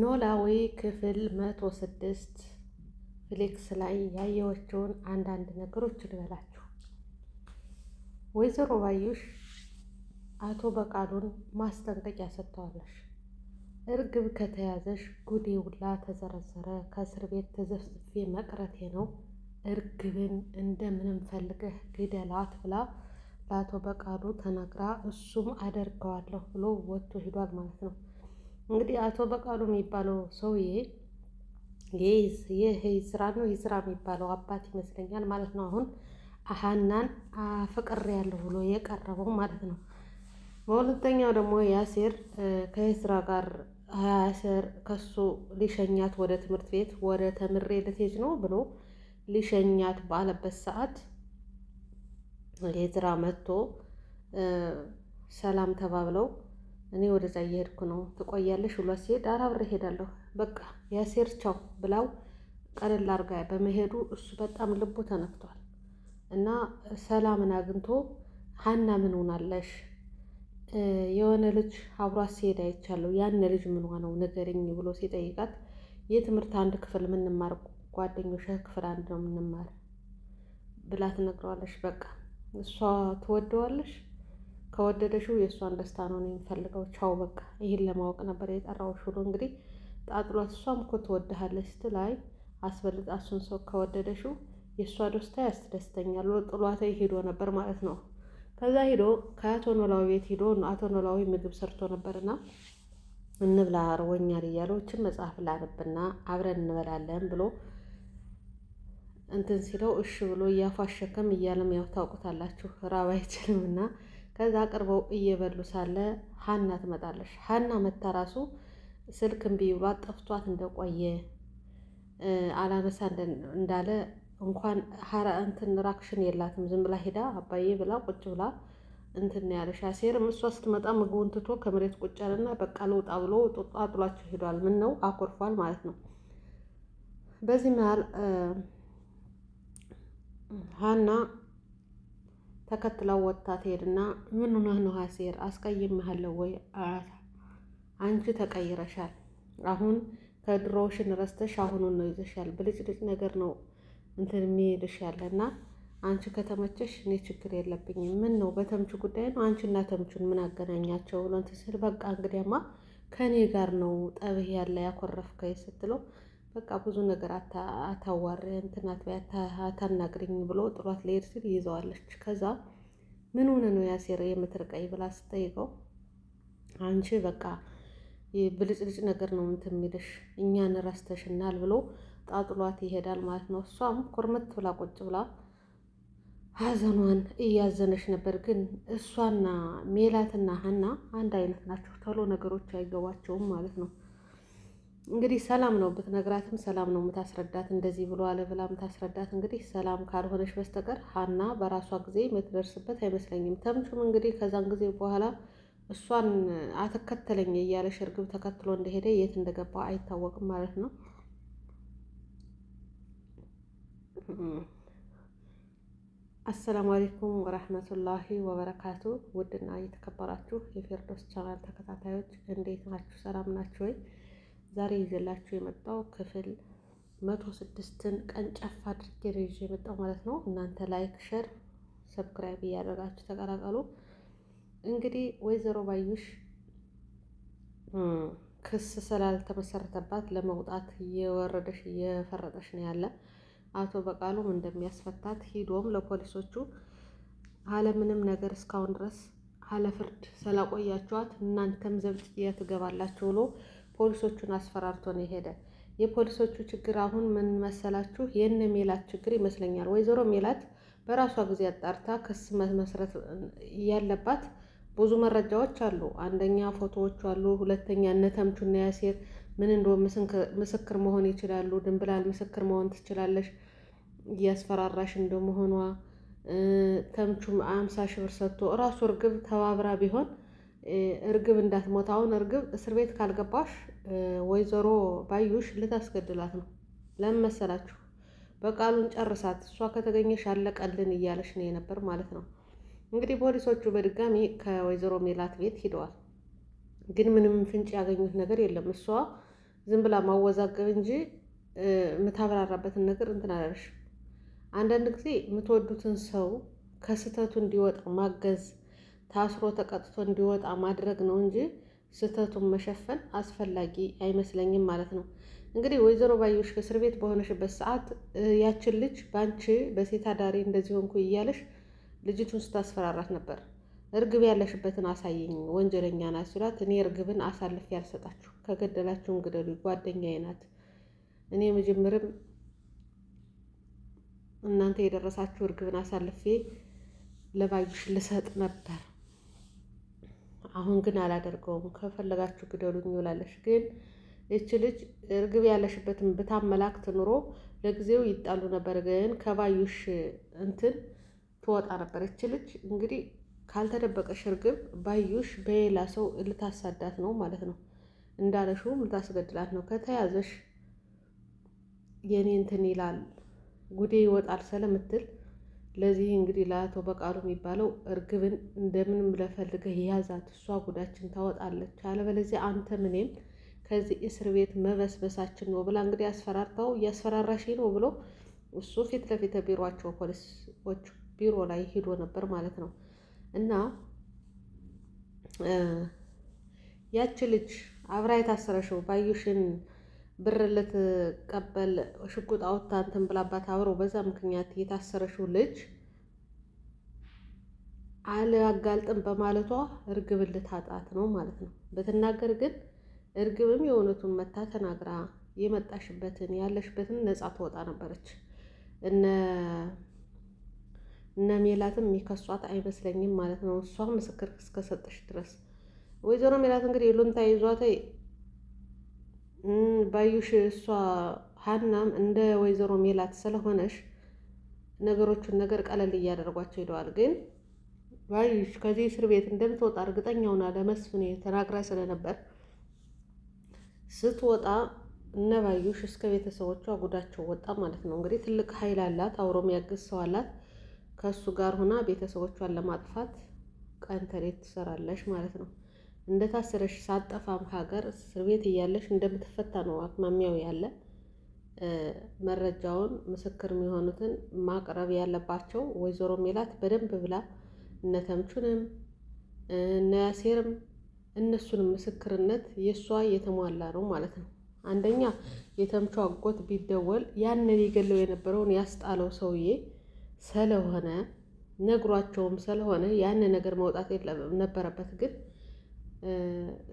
ኖላዊ ክፍል መቶ ስድስት ፍሌክስ ላይ ያየዎቸውን አንዳንድ ነገሮች ልበላችሁ። ወይዘሮ ባዩሽ አቶ በቃሉን ማስጠንቀቂያ ሰጥተዋለሽ። እርግብ ከተያዘሽ ጉዴ ውላ ተዘረዘረ፣ ከእስር ቤት ተዘፍዝፌ መቅረቴ ነው። እርግብን እንደምንም ፈልገህ ግደላት ብላ ለአቶ በቃሉ ተናግራ እሱም አደርገዋለሁ ብሎ ወጥቶ ሂዷል ማለት ነው። እንግዲህ አቶ በቃሉ የሚባለው ሰውዬ ይህ ስራ ነው ይህ ስራ የሚባለው አባት ይመስለኛል ማለት ነው። አሁን አሀናን አፍቅር ያለው ብሎ የቀረበው ማለት ነው። በሁለተኛው ደግሞ ያሴር ከስራ ጋር ያሴር ከሱ ሊሸኛት ወደ ትምህርት ቤት ወደ ተምሬ ልትሄጅ ነው ብሎ ሊሸኛት ባለበት ሰዓት የስራ መጥቶ ሰላም ተባብለው እኔ ወደዛ እየሄድኩ ነው ትቆያለሽ ብሏት ሲሄድ ኧረ አብሬ እሄዳለሁ በቃ ያሴር ቻው ብላው ቀለል አርጋ በመሄዱ እሱ በጣም ልቡ ተነክቷል እና ሰላምን አግኝቶ ሀና ምን ሆናለሽ የሆነ ልጅ አብሯት ሲሄድ አይቻለሁ ያን ልጅ ምን ሆነው ነገርኝ ብሎ ሲጠይቃት የትምህርት አንድ ክፍል የምንማር ጓደኞች ክፍል አንድ ነው የምንማር ብላ ትነግረዋለሽ በቃ እሷ ትወደዋለሽ ከወደደሽው የእሷን ደስታ ነው የሚፈልገው። ቻው በቃ ይህን ለማወቅ ነበር የጠራሁሽ ብሎ እንግዲህ ጣጥሏት፣ እሷም እኮ ትወድሃለች ስትላይ አይ አስበልጣ እሱን ሰው ከወደደሽው የእሷ ደስታ ያስደስተኛል ብሎ ጥሏት ሄዶ ነበር ማለት ነው። ከዛ ሄዶ ከአቶ ኖላዊ ቤት ሄዶ አቶ ኖላዊ ምግብ ሰርቶ ነበርና እንብላ ርቦኛል እያለው እችን መጽሐፍ ላነብና አብረን እንበላለን ብሎ እንትን ሲለው እሺ ብሎ እያፏሸከም እያለም ያው ታውቁታላችሁ ራብ አይችልምና ከዛ አቅርበው እየበሉ ሳለ ሀና ትመጣለች። ሀና መታ ራሱ ስልክ እምቢ ብሏት ጠፍቷት እንደቆየ አላነሳ እንዳለ እንኳን ሀረ እንትን ራክሽን የላትም ዝም ብላ ሄዳ አባዬ ብላ ቁጭ ብላ እንትን ያለሽ አሴርም እሷ ስትመጣ ምግቡን ትቶ ከመሬት ቁጭ አለና በቃ ልውጣ ብሎ ጦጣ ጥሏቸው ሄዷል። ምን ነው አኮርፏል ማለት ነው። በዚህ መሀል ሀና ተከትለው ወጥታ ትሄድና ምን ሆነህ ነው ሀሴር አስቀይሜሃለሁ ወይ አላት። አንቺ ተቀይረሻል። አሁን ከድሮሽን ረስተሽ አሁኑን ነው ይዘሻል። ብልጭልጭ ነገር ነው እንትን የሚሄድሻል እና አንቺ ከተመቸሽ እኔ ችግር የለብኝም። ምን ነው በተምቹ ጉዳይ ነው? አንቺና ተምቹን ምን አገናኛቸው? እንትን ስል በቃ እንግዲያማ ከእኔ ጋር ነው ጠብህ ያለ ያኮረፍከኝ ስትለው በቃ ብዙ ነገር አታዋር እንትናት አታናግርኝ ብሎ ጥሏት ሊሄድ ሲል ይዘዋለች። ከዛ ምን ሆነ ነው ያሴር የምትርቀኝ ብላ ስጠይቀው አንቺ በቃ ብልጭልጭ ነገር ነው እንትን የሚልሽ እኛን ረስተሽናል ብሎ ጣጥሏት ይሄዳል ማለት ነው። እሷም ኩርምት ብላ ቁጭ ብላ ሀዘኗን እያዘነች ነበር። ግን እሷና ሜላትና ሀና አንድ አይነት ናቸው። ቶሎ ነገሮች አይገባቸውም ማለት ነው። እንግዲህ ሰላም ነው ብትነግራትም ሰላም ነው የምታስረዳት። እንደዚህ ብሎ አለ ብላ የምታስረዳት እንግዲህ ሰላም ካልሆነች በስተቀር ሀና በራሷ ጊዜ የምትደርስበት አይመስለኝም። ተምቹም እንግዲህ ከዛን ጊዜ በኋላ እሷን አትከተለኝ እያለሽ እርግብ ተከትሎ እንደሄደ የት እንደገባ አይታወቅም ማለት ነው። አሰላሙ አሌይኩም ወረህመቱላሂ ወበረካቱ። ውድና የተከበራችሁ የፌርዶስ ቻናል ተከታታዮች እንዴት ናችሁ? ሰላም ናችሁ ወይ? ዛሬ ይዘላችሁ የመጣው ክፍል መቶ ስድስትን ቀንጨፍ አድርጌ ነው ይዤ የመጣው ማለት ነው። እናንተ ላይክ፣ ሸር፣ ሰብስክራይብ እያደረጋችሁ ተቀላቀሉ። እንግዲህ ወይዘሮ ባዩሽ ክስ ስላልተመሰረተባት ለመውጣት እየወረደሽ እየፈረጠሽ ነው ያለ። አቶ በቃሉም እንደሚያስፈታት ሂዶም ለፖሊሶቹ አለምንም ነገር እስካሁን ድረስ አለፍርድ ፍርድ ስላቆያችኋት እናንተም ዘብጥያ ትገባላችሁ ብሎ ፖሊሶቹን አስፈራርቶ ነው የሄደ። የፖሊሶቹ ችግር አሁን ምን መሰላችሁ? የነ ሜላት ችግር ይመስለኛል። ወይዘሮ ሜላት በራሷ ጊዜ አጣርታ ክስ መስረት ያለባት ብዙ መረጃዎች አሉ። አንደኛ ፎቶዎቹ አሉ፣ ሁለተኛ እነ ተምቹና ያሴር ምን እንደ ምስክር መሆን ይችላሉ። ድንብላል ምስክር መሆን ትችላለሽ እያስፈራራሽ እንደመሆኗ ተምቹም አምሳ ሺህ ብር ሰጥቶ እራሱ እርግብ ተባብራ ቢሆን እርግብ እንዳትሞት አሁን እርግብ እስር ቤት ካልገባሽ ወይዘሮ ባዩሽ ልታስገድላት ነው። ለምን መሰላችሁ? በቃሉን ጨርሳት እሷ ከተገኘሽ አለቀልን እያለሽ ነው የነበር ማለት ነው። እንግዲህ ፖሊሶቹ በድጋሚ ከወይዘሮ ሜላት ቤት ሂደዋል። ግን ምንም ፍንጭ ያገኙት ነገር የለም። እሷ ዝም ብላ ማወዛገብ እንጂ የምታብራራበትን ነገር እንትን አላለሽ። አንዳንድ ጊዜ የምትወዱትን ሰው ከስህተቱ እንዲወጣ ማገዝ ታስሮ ተቀጥቶ እንዲወጣ ማድረግ ነው እንጂ ስህተቱን መሸፈን አስፈላጊ አይመስለኝም ማለት ነው። እንግዲህ ወይዘሮ ባዮሽ እስር ቤት በሆነሽበት ሰዓት ያችን ልጅ በአንቺ በሴት አዳሪ እንደዚህ ሆንኩ እያለሽ ልጅቱን ስታስፈራራት ነበር። እርግብ ያለሽበትን አሳየኝ ወንጀለኛ ናት ሲላት፣ እኔ እርግብን አሳልፌ ያልሰጣችሁ ከገደላችሁም ግደሉ፣ ጓደኛዬ ናት። እኔ መጀመርም እናንተ የደረሳችሁ እርግብን አሳልፌ ለባዩሽ ልሰጥ ነበር አሁን ግን አላደርገውም ከፈለጋችሁ ግደሉኝ ይውላለች ግን እች ልጅ እርግብ ያለሽበትን ብታመላክት ኑሮ ለጊዜው ይጣሉ ነበር፣ ግን ከባዩሽ እንትን ትወጣ ነበር። እች ልጅ እንግዲህ ካልተደበቀሽ እርግብ ባዩሽ በሌላ ሰው ልታሳዳት ነው ማለት ነው። እንዳለሽውም ልታስገድላት ነው። ከተያዘሽ የኔ እንትን ይላል ጉዴ ይወጣል ስለምትል ለዚህ እንግዲህ ለአቶ በቃሉ የሚባለው እርግብን እንደምንም ለፈልገህ ያዛት፣ እሷ ጉዳችን ታወጣለች፣ አለበለዚያ አንተ ምንም ከዚህ እስር ቤት መበስበሳችን ነው ብላ እንግዲህ አስፈራርታው እያስፈራራሽ ነው ብሎ እሱ ፊት ለፊት ቢሮቸው ፖሊሶች ቢሮ ላይ ሂዶ ነበር ማለት ነው። እና ያች ልጅ አብራ የታሰረሽው ባዩሽን ብር ልትቀበል ሽጉጥ አውጥታ እንትን ብላባት አብሮ በዛ ምክንያት የታሰረሽው ልጅ አላጋልጥም በማለቷ እርግብ ልታጣት ነው ማለት ነው። በትናገር ግን እርግብም የእውነቱን መታ ተናግራ የመጣሽበትን ያለሽበትን ነፃ ትወጣ ነበረች። እነ እነ ሜላትም የሚከሷት አይመስለኝም ማለት ነው። እሷ ምስክር እስከሰጠሽ ድረስ ወይዘሮ ሜላት እንግዲህ ሉንታ ይዟት ባዩሽ እሷ ሀናም እንደ ወይዘሮ ሜላት ስለሆነሽ ነገሮቹን ነገር ቀለል እያደረጓቸው ሄደዋል። ግን ባዩሽ ከዚህ እስር ቤት እንደምትወጣ እርግጠኛውና ለመስፍን ተናግራ ስለነበር ስትወጣ እነ ባዩሽ እስከ ቤተሰቦቿ ጉዳቸው ወጣ ማለት ነው። እንግዲህ ትልቅ ኃይል አላት፣ አብሮ ያግዝ ሰው አላት። ከእሱ ጋር ሆና ቤተሰቦቿን ለማጥፋት ቀን ተሌት ትሰራለች ማለት ነው። እንደታሰረሽ ሳጠፋም ሀገር እስር ቤት እያለሽ እንደምትፈታ ነው አክማሚያው ያለ መረጃውን ምስክር የሚሆኑትን ማቅረብ ያለባቸው ወይዘሮ ሜላት በደንብ ብላ እነተምቹንም እነያሴርም እነሱን እነሱንም ምስክርነት የእሷ የተሟላ ነው ማለት ነው። አንደኛ የተምቹ አጎት ቢደወል ያን የገለው የነበረውን ያስጣለው ሰውዬ ስለሆነ ነግሯቸውም ስለሆነ ያን ነገር መውጣት ነበረበት ግን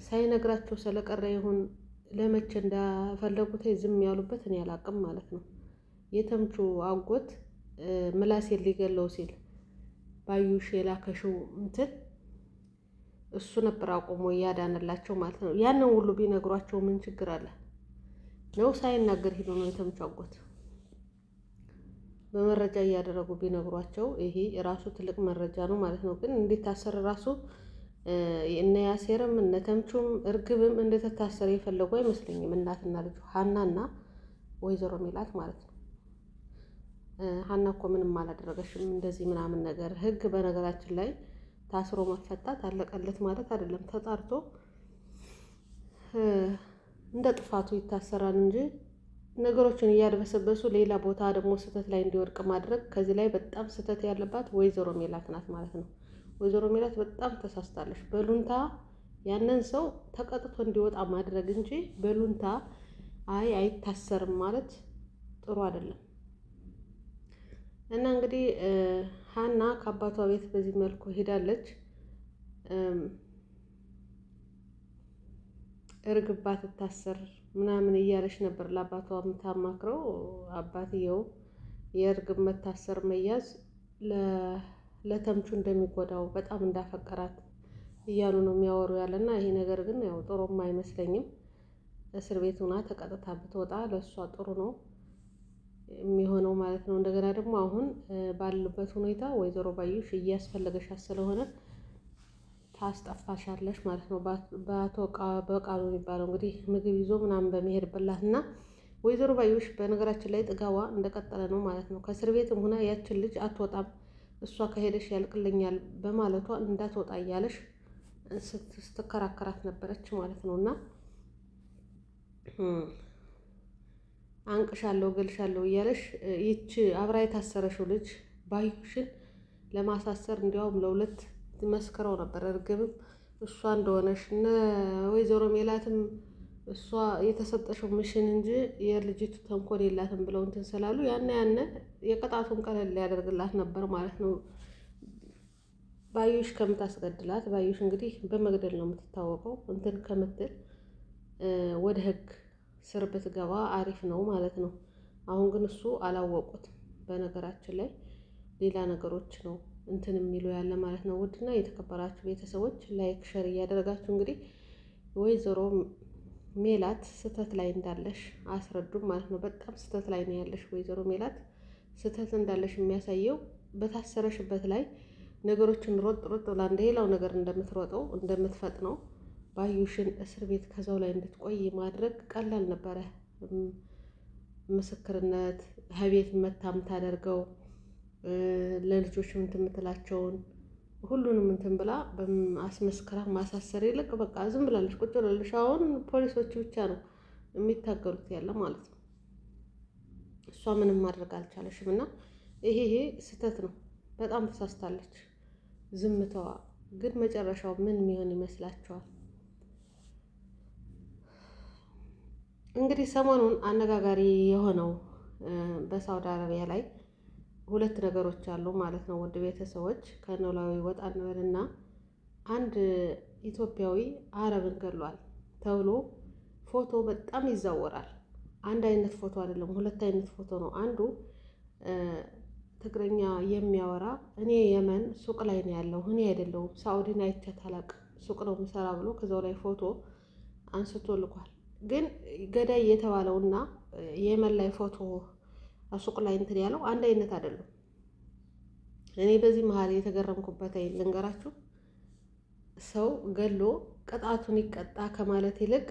ሳይነግራቸው ስለቀረ ይሁን ለመቼ እንዳፈለጉት ዝም ያሉበት እኔ አላቅም ማለት ነው። የተምቹ አጎት ምላሴን ሊገለው ሲል ባዩሽ የላከሽው እንትን እሱ ነበር አቁሞ እያዳነላቸው ማለት ነው። ያንን ሁሉ ቢነግሯቸው ምን ችግር አለ ነው? ሳይናገር ሄዶ ነው የተምቹ አጎት በመረጃ እያደረጉ ቢነግሯቸው ይሄ ራሱ ትልቅ መረጃ ነው ማለት ነው። ግን እንዴት ታሰር ራሱ እነ ያሴርም እነ ተምቹም እርግብም እንደተታሰረ የፈለጉ አይመስለኝም። እናትና ልጁ ሀናና ወይዘሮ ሜላት ማለት ነው። ሀና እኮ ምንም አላደረገሽም እንደዚህ ምናምን ነገር። ህግ በነገራችን ላይ ታስሮ መፈታት አለቀለት ማለት አይደለም። ተጣርቶ እንደ ጥፋቱ ይታሰራል እንጂ ነገሮችን እያድበሰበሱ ሌላ ቦታ ደግሞ ስህተት ላይ እንዲወድቅ ማድረግ ከዚህ ላይ በጣም ስህተት ያለባት ወይዘሮ ሜላት ናት ማለት ነው። ወይዘሮ ሜላት በጣም ተሳስታለች። በሉንታ ያንን ሰው ተቀጥቶ እንዲወጣ ማድረግ እንጂ በሉንታ አይ አይታሰርም ማለት ጥሩ አይደለም። እና እንግዲህ ሀና ከአባቷ ቤት በዚህ መልኩ ሄዳለች። እርግባ ትታሰር ምናምን እያለች ነበር ለአባቷ የምታማክረው። አባትየው የእርግብ መታሰር መያዝ ለተምቹ እንደሚጎዳው በጣም እንዳፈቀራት እያሉ ነው የሚያወሩ ያለ እና ይሄ ነገር ግን ያው ጥሩም አይመስለኝም። እስር ቤት ሆና ተቀጥታ ብትወጣ ለእሷ ጥሩ ነው የሚሆነው ማለት ነው። እንደገና ደግሞ አሁን ባሉበት ሁኔታ ወይዘሮ ባዩሽ እያስፈለገሻት ስለሆነ ታስጠፋሻለሽ ማለት ነው። በአቶ በቃሉ የሚባለው እንግዲህ ምግብ ይዞ ምናምን በመሄድ እና ወይዘሮ ባዩሽ በነገራችን ላይ ጥጋዋ እንደቀጠለ ነው ማለት ነው። ከእስር ቤትም ሆና ያችን ልጅ አትወጣም። እሷ ከሄደሽ ያልቅልኛል በማለቷ እንዳትወጣ እያለሽ ስትከራከራት ነበረች ማለት ነው። እና አንቅሻለሁ፣ እገልሻለሁ እያለሽ ይች አብራ የታሰረሽው ልጅ ባዩሽን ለማሳሰር እንዲያውም ለሁለት መስክረው ነበር። እርግብም እሷ እንደሆነሽ እነ ወይዘሮ ሜላትም እሷ የተሰጠሽው ምሽን እንጂ የልጅቱ ተንኮል የላትም ብለው እንትን ስላሉ ያነ ያነ የቅጣቱን ቀለል ሊያደርግላት ነበር ማለት ነው። ባዩሽ ከምታስገድላት ባዩሽ እንግዲህ በመግደል ነው የምትታወቀው። እንትን ከምትል ወደ ህግ ስር ብትገባ አሪፍ ነው ማለት ነው። አሁን ግን እሱ አላወቁት በነገራችን ላይ ሌላ ነገሮች ነው እንትን የሚሉ ያለ ማለት ነው። ውድና የተከበራችሁ ቤተሰቦች ላይክ ሸር እያደረጋችሁ እንግዲህ ወይዘሮ ሜላት ስህተት ላይ እንዳለሽ አስረዱም ማለት ነው። በጣም ስህተት ላይ ነው ያለሽ ወይዘሮ ሜላት ስህተት እንዳለሽ የሚያሳየው በታሰረሽበት ላይ ነገሮችን ሮጥ ሮጥ ብላ እንደ ሌላው ነገር እንደምትሮጠው እንደምትፈጥ ነው። ባዩሽን እስር ቤት ከዛው ላይ እንድትቆይ ማድረግ ቀላል ነበረ። ምስክርነት ከቤት መታ የምታደርገው ለልጆች የምትላቸውን ሁሉንም እንትን ብላ አስመስክራ ማሳሰር ይልቅ በቃ ዝም ብላለች፣ ቁጭ ብላለች። አሁን ፖሊሶች ብቻ ነው የሚታገሉት ያለ ማለት ነው። እሷ ምንም ማድረግ አልቻለሽም። እና ይሄ ይሄ ስህተት ነው። በጣም ተሳስታለች። ዝምታዋ ግን መጨረሻው ምን ሚሆን ይመስላችኋል? እንግዲህ ሰሞኑን አነጋጋሪ የሆነው በሳውዲ አረቢያ ላይ ሁለት ነገሮች አሉ ማለት ነው። ውድ ቤተሰቦች ከኖላዊ ወጣ እንበልና አንድ ኢትዮጵያዊ አረብን ገሏል ተብሎ ፎቶ በጣም ይዛወራል። አንድ አይነት ፎቶ አይደለም፣ ሁለት አይነት ፎቶ ነው። አንዱ ትግረኛ የሚያወራ እኔ የመን ሱቅ ላይ ነው ያለው እኔ አይደለሁም ሳኡዲን አይቻት አላቅም ሱቅ ነው ምሰራ ብሎ ከዛው ላይ ፎቶ አንስቶ ልኳል። ግን ገዳይ የተባለውና የመን ላይ ፎቶ ሱቅ ላይ እንትን ያለው አንድ አይነት አይደለም። እኔ በዚህ መሀል የተገረምኩበት ልንገራችሁ። ሰው ገሎ ቅጣቱን ይቀጣ ከማለት ይልቅ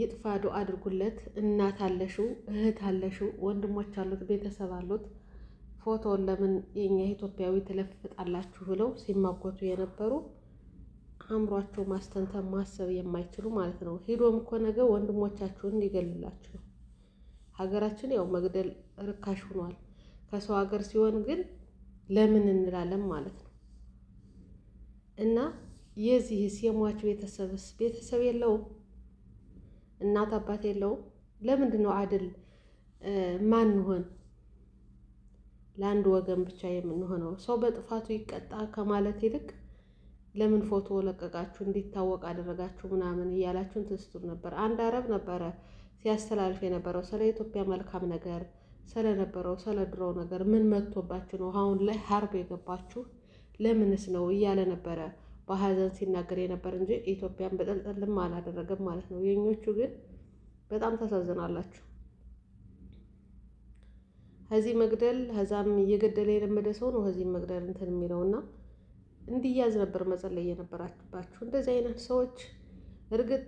ይጥፋ ዱአ አድርጉለት። እናት አለሽው፣ እህት አለሽው፣ ወንድሞች አሉት፣ ቤተሰብ አሉት። ፎቶውን ለምን የኛ ኢትዮጵያዊ ትለፍጣላችሁ ብለው ሲማጎቱ የነበሩ አእምሯቸው ማስተንተን ማሰብ የማይችሉ ማለት ነው። ሄዶም እኮ ነገ ወንድሞቻችሁን ሊገልላችሁ ነው። ሀገራችን ያው መግደል ርካሽ ሆኗል። ከሰው ሀገር ሲሆን ግን ለምን እንላለን ማለት ነው። እና የዚህስ የሟች ቤተሰብስ ቤተሰብ የለውም፣ እናት አባት የለውም። ለምንድን ነው አድል ማን ሆን ለአንድ ወገን ብቻ የምንሆነው? ሰው በጥፋቱ ይቀጣ ከማለት ይልቅ ለምን ፎቶ ለቀቃችሁ እንዲታወቅ አደረጋችሁ ምናምን እያላችሁን እንትን ነበር። አንድ አረብ ነበረ ሲያስተላልፍ የነበረው ስለ ኢትዮጵያ መልካም ነገር ስለነበረው ስለ ድሮው ነገር ምን መጥቶባችሁ ነው አሁን ላይ ሀርብ የገባችሁ ለምንስ ነው እያለ ነበረ በሀዘን ሲናገር የነበር እንጂ ኢትዮጵያን በጠልጠልም አላደረገም ማለት ነው። የኞቹ ግን በጣም ታሳዝናላችሁ። ከዚህ መግደል ከዛም እየገደለ የለመደ ሰው ነው ከዚህ መግደል እንትን የሚለው እና እንዲያዝ ነበር መጸለይ የነበራችባችሁ እንደዚህ አይነት ሰዎች እርግጥ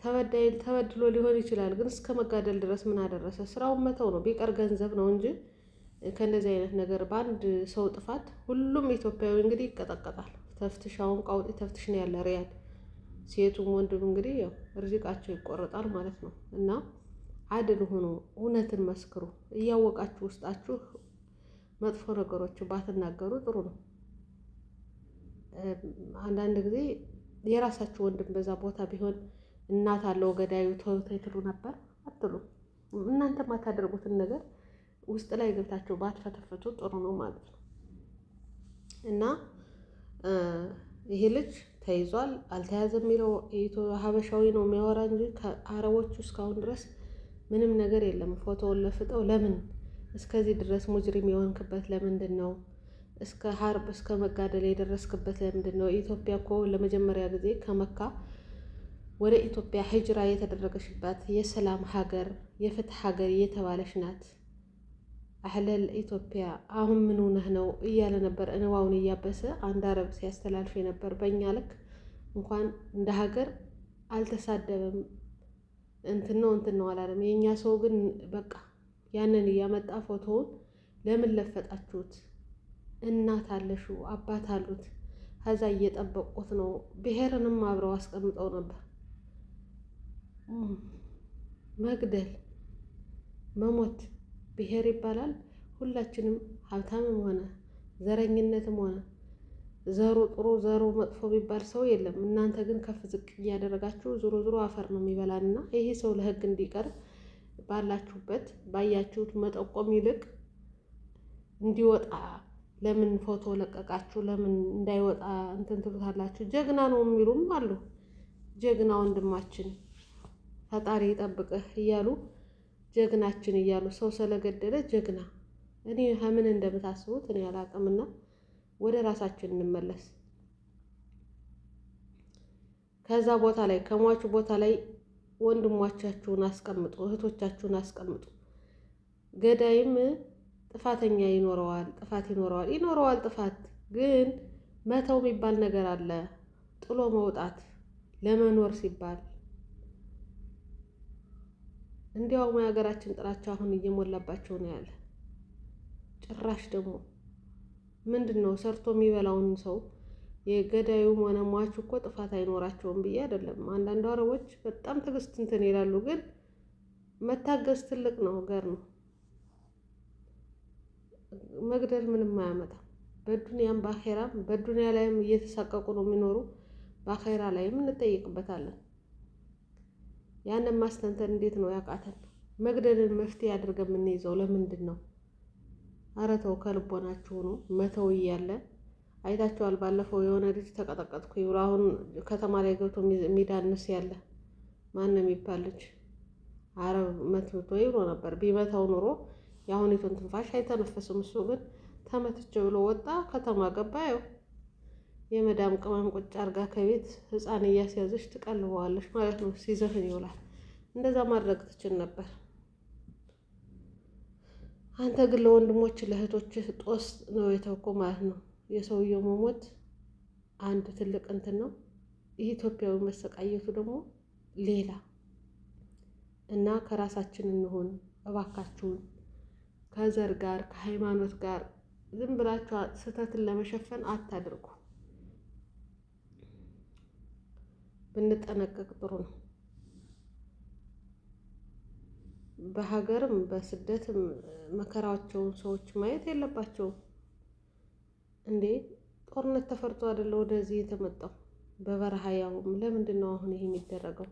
ተበዳይ ተበድሎ ሊሆን ይችላል። ግን እስከ መጋደል ድረስ ምን አደረሰ? ስራውን መተው ነው። ቢቀር ገንዘብ ነው እንጂ ከእንደዚህ አይነት ነገር በአንድ ሰው ጥፋት ሁሉም ኢትዮጵያዊ እንግዲህ ይቀጠቀጣል። ተፍትሽ አሁን ቃውጢ ተፍትሽ ነው ያለ ሪያድ ሴቱም ወንድም እንግዲህ ያው ርዚቃቸው ይቆረጣል ማለት ነው። እና አድል ሆኖ እውነትን መስክሩ እያወቃችሁ ውስጣችሁ መጥፎ ነገሮች ባትናገሩ ጥሩ ነው። አንዳንድ ጊዜ የራሳችሁ ወንድም በዛ ቦታ ቢሆን እናት አለው ገዳዩ ተወታይ ትሉ ነበር አትሉ። እናንተ ማታደርጉትን ነገር ውስጥ ላይ ገብታችሁ ባትፈተፈቱ ጥሩ ነው ማለት ነው። እና ይሄ ልጅ ተይዟል አልተያዘም የሚለው ሀበሻዊ ነው የሚያወራ እንጂ ከአረቦቹ እስካሁን ድረስ ምንም ነገር የለም። ፎቶውን ለፍጠው ለምን እስከዚህ ድረስ ሙጅሪም የሆንክበት ለምንድን ነው? እስከ ሀርብ እስከ መጋደል የደረስክበት ለምንድን ነው? ኢትዮጵያ እኮ ለመጀመሪያ ጊዜ ከመካ ወደ ኢትዮጵያ ሂጅራ የተደረገችባት የሰላም ሀገር የፍትህ ሀገር እየተባለች ናት። አህለል ኢትዮጵያ አሁን ምን ሆነህ ነው እያለ ነበር እንባውን እያበሰ አንድ አረብ ሲያስተላልፍ ነበር በእኛ ልክ እንኳን እንደ ሀገር አልተሳደበም። እንትን ነው እንትን ነው አላለም። የእኛ ሰው ግን በቃ ያንን እያመጣ ፎቶውን ለምን ለፈጣችሁት? እናት አለሹ አባት አሉት። ከዛ እየጠበቁት ነው። ብሔርንም አብረው አስቀምጠው ነበር። መግደል መሞት ብሔር ይባላል። ሁላችንም ሀብታምም ሆነ ዘረኝነትም ሆነ ዘሩ ጥሩ ዘሩ መጥፎ የሚባል ሰው የለም። እናንተ ግን ከፍ ዝቅ እያደረጋችሁ ዞሮ ዞሮ አፈር ነው የሚበላን እና ይሄ ሰው ለህግ እንዲቀርብ ባላችሁበት ባያችሁት መጠቆም ይልቅ እንዲወጣ ለምን ፎቶ ለቀቃችሁ? ለምን እንዳይወጣ እንትን ትሉታላችሁ? ጀግና ነው የሚሉም አሉ። ጀግና ወንድማችን ፈጣሪ ይጠብቅህ እያሉ ጀግናችን እያሉ ሰው ስለገደለ ጀግና እኔ ከምን እንደምታስቡት እኔ አላቅምና ወደ ራሳችን እንመለስ። ከዛ ቦታ ላይ ከሟቹ ቦታ ላይ ወንድሞቻችሁን አስቀምጡ፣ እህቶቻችሁን አስቀምጡ። ገዳይም ጥፋተኛ ይኖረዋል፣ ጥፋት ይኖረዋል፣ ይኖረዋል ጥፋት ግን መተው የሚባል ነገር አለ። ጥሎ መውጣት ለመኖር ሲባል እንዲያውም የሀገራችን ጥላቻ አሁን እየሞላባቸው ነው ያለ። ጭራሽ ደግሞ ምንድን ነው ሰርቶ የሚበላውን ሰው የገዳዩም ሆነ ሟቹ እኮ ጥፋት አይኖራቸውም ብዬ አይደለም። አንዳንድ አረቦች በጣም ትዕግስት እንትን ይላሉ፣ ግን መታገስ ትልቅ ነው ገር ነው። መግደል ምንም አያመጣም። በዱንያም በአኼራም በዱንያ ላይም እየተሳቀቁ ነው የሚኖሩ፣ በአኼራ ላይም እንጠይቅበታለን። ያንን ማስተንተን እንዴት ነው ያቃተን? መግደልን መፍትሄ አድርገን የምንይዘው ለምንድን ነው? ኧረ ተው ከልቦናችሁ ነው መተው እያለ አይታችኋል። ባለፈው የሆነ ልጅ ተቀጠቀጥኩ ብሎ አሁን ከተማ ላይ ገብቶ የሚዳንስ ያለ ማን ነው የሚባል ልጅ አረብ መትቶ ይብሎ ነበር። ቢመታው ኑሮ የአሁኒቱን ትንፋሽ አይተነፈስም። እሱ ግን ተመትቼ ብሎ ወጣ፣ ከተማ ገባ። ያው? የመዳም ቅመም ቁጭ አርጋ ከቤት ህፃን እያስያዘች ትቀልበዋለች ማለት ነው። ሲዘፍን ይውላል። እንደዛ ማድረግ ትችል ነበር። አንተ ግን ለወንድሞች ለእህቶች ጦስ ነው የተውኮ ማለት ነው። የሰውየው መሞት አንድ ትልቅ እንትን ነው። ይህ ኢትዮጵያዊ መሰቃየቱ ደግሞ ሌላ እና ከራሳችን እንሆን እባካችሁን ከዘር ጋር ከሃይማኖት ጋር ዝም ብላችሁ ስህተትን ለመሸፈን አታድርጉ። ብንጠነቀቅ ጥሩ ነው። በሀገርም በስደትም መከራቸውን ሰዎች ማየት የለባቸውም እንዴ። ጦርነት ተፈርቶ አይደለ ወደዚህ የተመጣው በበረሃ ያውም። ለምንድን ነው አሁን ይሄ የሚደረገው?